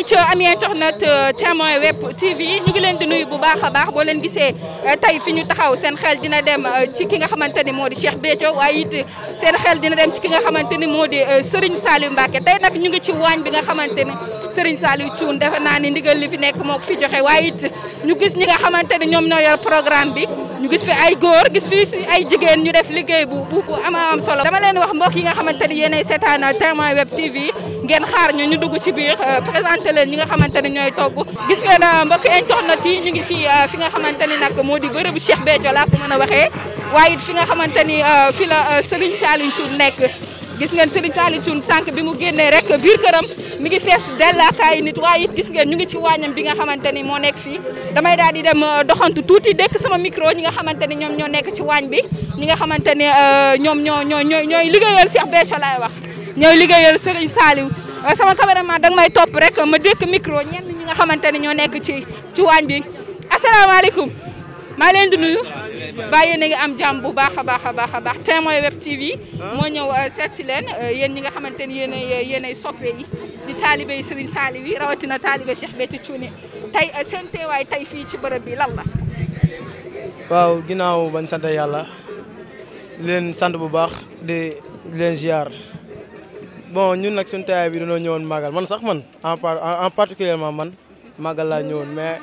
ayca ami internet euh, témoin web TV ñu ngi leen di nuyu bu baax a baax boo leen gisee euh, tey fi ñu taxaw seen xel dina dem euh, ci ki nga xamante ni moo di Cheikh Béthio waaye it seen xel dina dem ci ki nga xamante ni moo di Serigne Saliou Mbacké tey nag ñu ngi ci waañ bi nga xamante ni Serigne Saliou Thioune defe naa ni ndigal li fi nekk moo ko fi joxe waaye it ñu gis ñi nga xamante ne ñoom ñoo yor programme bi ñu gis fi ay góor gis fi si ay jigéen ñu def liggéey bu bu am solo dama leen wax mbokk yi nga xamante ne yéenay seetaan Témoin Web TV ngeen xaar ñu ñu dugg ci biir euh, présenté leen ñi nga xamante ne ñooy togg gis ngeen euh, mbokk internet yi ñu ngi fi euh, fi nga xamante ni nag moo di bërëbu Cheikh Béthio laa ko mën a waxee waaye it fi nga xamante ni fi la Serigne Saliou Thioune nekk gis ngeen Serigne Saliou Thioune sànq bi mu génnee rek biir këram mi ngi fees dellakaay nit waaye it gis ngeen ñu ngi ci waañam bi nga xamante ni moo nekk fii damay daal di dem euh, doxantu tuuti dékk sama micro ñi nga xamante ni ñoom ñoo nekk ci waañ bi ñi nga xamante ni euh, ñoom ñoo ñoo ñooy ñooy liggéeyal Cheikh Béthio laay wax ñooy liggéeyal Serigne Saliou euh, sama cameraman danga may topp rek ma dékk micro ñenn ñi nga xamante ni ñoo nekk ci ci waañ bi asalaamaaleykum maa leen di nuyu bàyyi na ngi am jàmm bu baax a baax a baax a baax témoin web tv ah. moo ñëw euh, seet si leen euh, yéen ñi ga xamante ni yéen ay euh, yéen ay soppe yi di taalibe yi Serigne Saliou yi rawatina taalibe Cheikh Béthio Thioune tey seen teewaay tey fii ci bërëb bi lan waaw ginnaaw bañ sant yàlla di leen sant bu baax di leen ziar bon ñun nag suñu teewaay bi dañoo ñëwoon màggal man sax man en particulièrement man màggal laa ñëwoon mais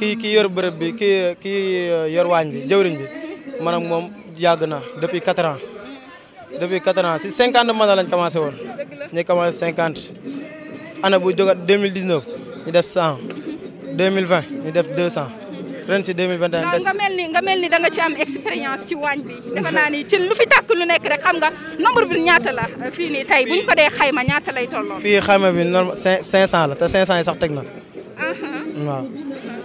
kii kii yor bërëb bi ki kii yor waañ bi jëwriñ bi man moom yàgg na depuis quatre ans depuis quatre ans si cinquante mandat lañ commencé woon ñu commencé cinquante ana bu jógat deux mille dix neuf ñu def cent deux mille vingt ñu def deux cent ren si 2021. nga mel ni nga ci am expérience ci waañ bi. defe naa ni ci lu fi tàkk lu nekk rek xam nga nombre bi ñaata la fii nii tey bu ñu ko dee xayma ñaata lay tolloon. fii xayma bi norme cinq cent la te cinq cent yi sax teg na. Uh-huh. waaw.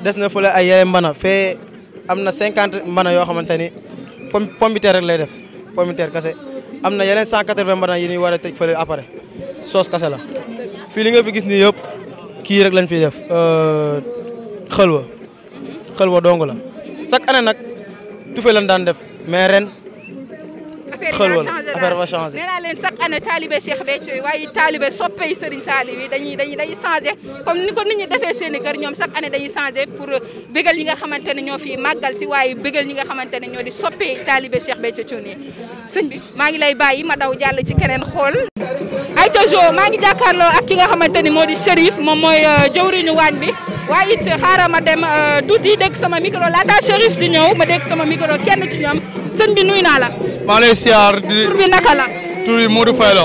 des na fële ay yaay mbana fee am na cinquante mbana yoo xamante ni pompiteer rek lay def pompiteer kase am na yeneen cent quatre-vingts yi ni war a tëj fële après soos kase la fii li nga fi gis ni yëpp kii rek lañ fiy def euh, xëlwa mhm. xëlwa dong la chaque année nag tufe lañ daan def mais ren xëlwal affaire ba changé nee naa leen chaque année taalibe Cheikh Béthio waaye taalibe soppey Serigne Saliou yi dañuy dañuy dañuy changé comme ni ko nit ñi defee seen i kër ñoom chaque fi màggal si waaye bégal ñi nga xamante ne ñoo di soppee taalibe Cheikh Béthio Thioune sëñ bi maa ngi lay bàyyi ma daw jàll ci keneen xool ayca jo maa ngi jàkkaarloo ak ki nga xamante ni moo di Chérif moom mooy la maa lay siyaar di tur bi naka la. tur bi Modou Faye la.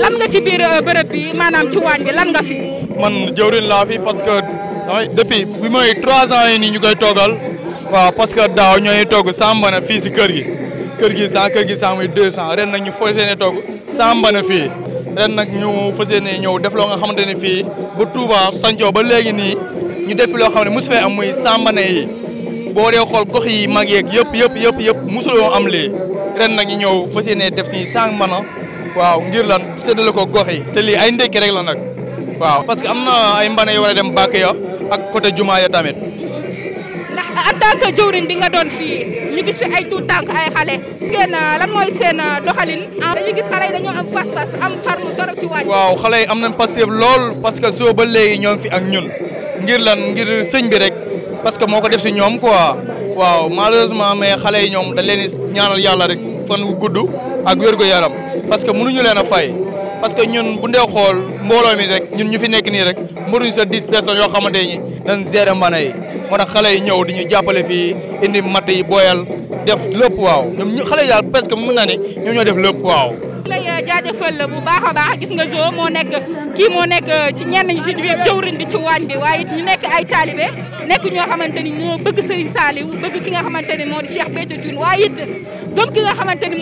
lan nga ci biir euh, bërëb bi maanaam ci waañ bi lan nga fi. man jëwriñ laa fi parce que depuis bi mooy trois ans yi nii ñu koy toogal waaw parce que daaw ñooy togg sambana fii si kër gi kër gi cent kër gi cent muy deux cent ren nag ñu fas yéene togg sambana fii ren nag ñu fas yéene ñëw def loo nga xamante ne fii bu Touba Sanco ba léegi nii ñu def loo xam ne mosu fee am muy sambana yi. boo dee xool gox yi mag yeeg yëpp yëpp yëpp yëpp mosuloo am lii ren nag ñu ñëw fas yéenee def si sang mën a waaw ngir lan séddale ko gox yi te lii ay ndekki rek la nag waaw parce que am na ay mbane yu war a dem bàkk ya ak coté jumaa ya tamit ndax en tant que jëwriñ doon fii ñu gis fi ay tuut tànk ay xale ngeen lan mooy seen euh, doxalin ah, dañu gis xale yi dañoo am fas fas am farmu dara ci wàññi waaw xale yi am nañ passif lool parce que soo ba léegi ñoo fi ak ñun ngir lan ngir sëñ bi rek parce que moo ko def si ñoom quoi waaw malheureusement mais xale yi ñoom dañ leen ñaanal yàlla rek fan wu gudd ak wér-gu-yaram parce que mënuñu leen a fay parce que ñun bu ndee xool mbooloo mi rek ñun ñu fi nekk nii rek mënuñu sa dix personnes yoo xamante ni dañ gérer mbana yi moo tax xale yi ñëw di ñu jàppale fi indi matt yi booyal def lépp waaw ñoom ñu xale yi daal parce que mën naa ne ñoom ñoo def lépp waaw lay euh, jaajëfal bu baax a baax gis nga jo moo nekk kii moo nekk euh, ci ñenn ñi ci jëwriñ bi ci waañ bi waaye it ñu nekk ay taalibe nekk ñoo xamante ni ñoo bëgg Serigne Saliou bëgg ki nga xamante ni moo di Cheikh Béthio Thioune waaye it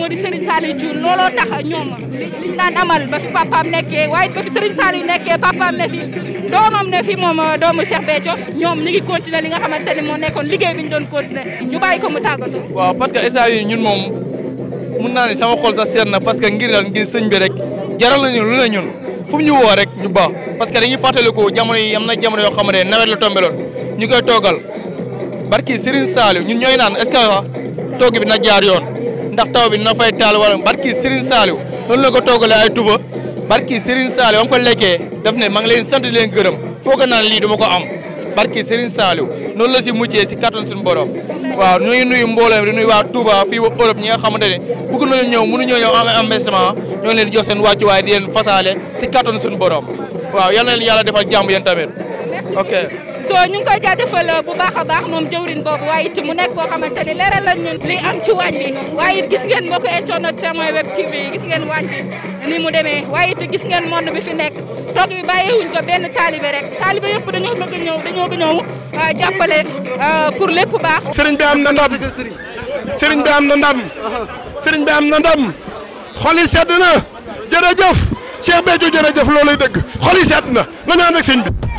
di Serigne Saliou Thioune looloo tax ñoom liñ daan amal ba fi papaam nekkee waaye ba fi Serigne Saliou nekkee papaam ne fi doomam ne fi moom euh, doomu Cheikh Béthio ñoom ñu ngi li nga xamante ni moo nekkoon liggéey bi doon continuer ñu bàyyi ko mu tàggatoo. waaw parce que instant ñun moom. mun naa ne sama xol sax seet na parce que ngir daal ngir sëñ bi rek jaral nañu lu ne ñun fu mu ñu woo rek ñu baax parce que dañuy fàttaliku jamono yi am na jamono yoo xam ne nawet la tombé loon ñu koy toogal barki Serigne Saliou ñu ñooy naan est-ce ah bi na jaar yoon ndax taw bi na fay taal wala barki Serigne Saliou noonu la ko toogalee ay tuba barki Serigne Saliou ba mu ko lekkee daf ne ma ngi leen sant leen gërëm foog naa ne lii duma ko am barki Serigne saaliw noonu la si mujjee si kattan suñu borom waaw ñu nuy nuyu mbooloo di nuyu waa Touba fii ba Europe ñi nga xamante ne bëgg nañu ñëw mënu ñëw ñëw am investissement ñoo ngi leen di jox seen wàccuwaay di leen fasaale si kattan seen borom waaw yal yàlla defal jàmm yéen tamit ok so ñu ngi koy jaajëfal bu baax a baax moom jëwrin boobu waaye it mu nekk koo xamante ni leeral la ñun li am ci waañ bi waaye it gis ngeen mbokk internet Témoin Web TV gis gis ngeen dog bi bàyyiwuñ ko benn taalibe rek taalibe yëpp dañoo bëgg ñëw dañoo bëgg ñëw ah, jàppale ah, pour lépp baax. sëriñ bi am na ndam sëriñ bi am na ndam sëriñ bi am na ndam xol yi sedd na jërëjëf Cheikh Béthio jërëjëf dëgg xol sedd na nañu ànd ak sëriñ bi.